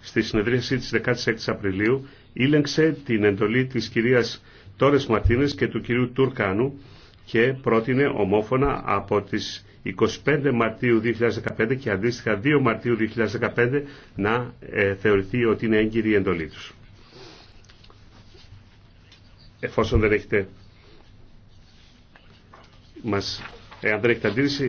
στη συνεδρίαση της 16 Απριλίου ήλεγξε την εντολή της κυρίας Τόρες Μαρτίνες και του κυρίου Τουρκάνου και πρότεινε ομόφωνα από τις 25 Μαρτίου 2015 και αντίστοιχα 2 Μαρτίου 2015 να ε, θεωρηθεί ότι είναι έγκυρη η εντολή τους. Εφόσον δεν έχετε μας, δεν έχετε αντίρρηση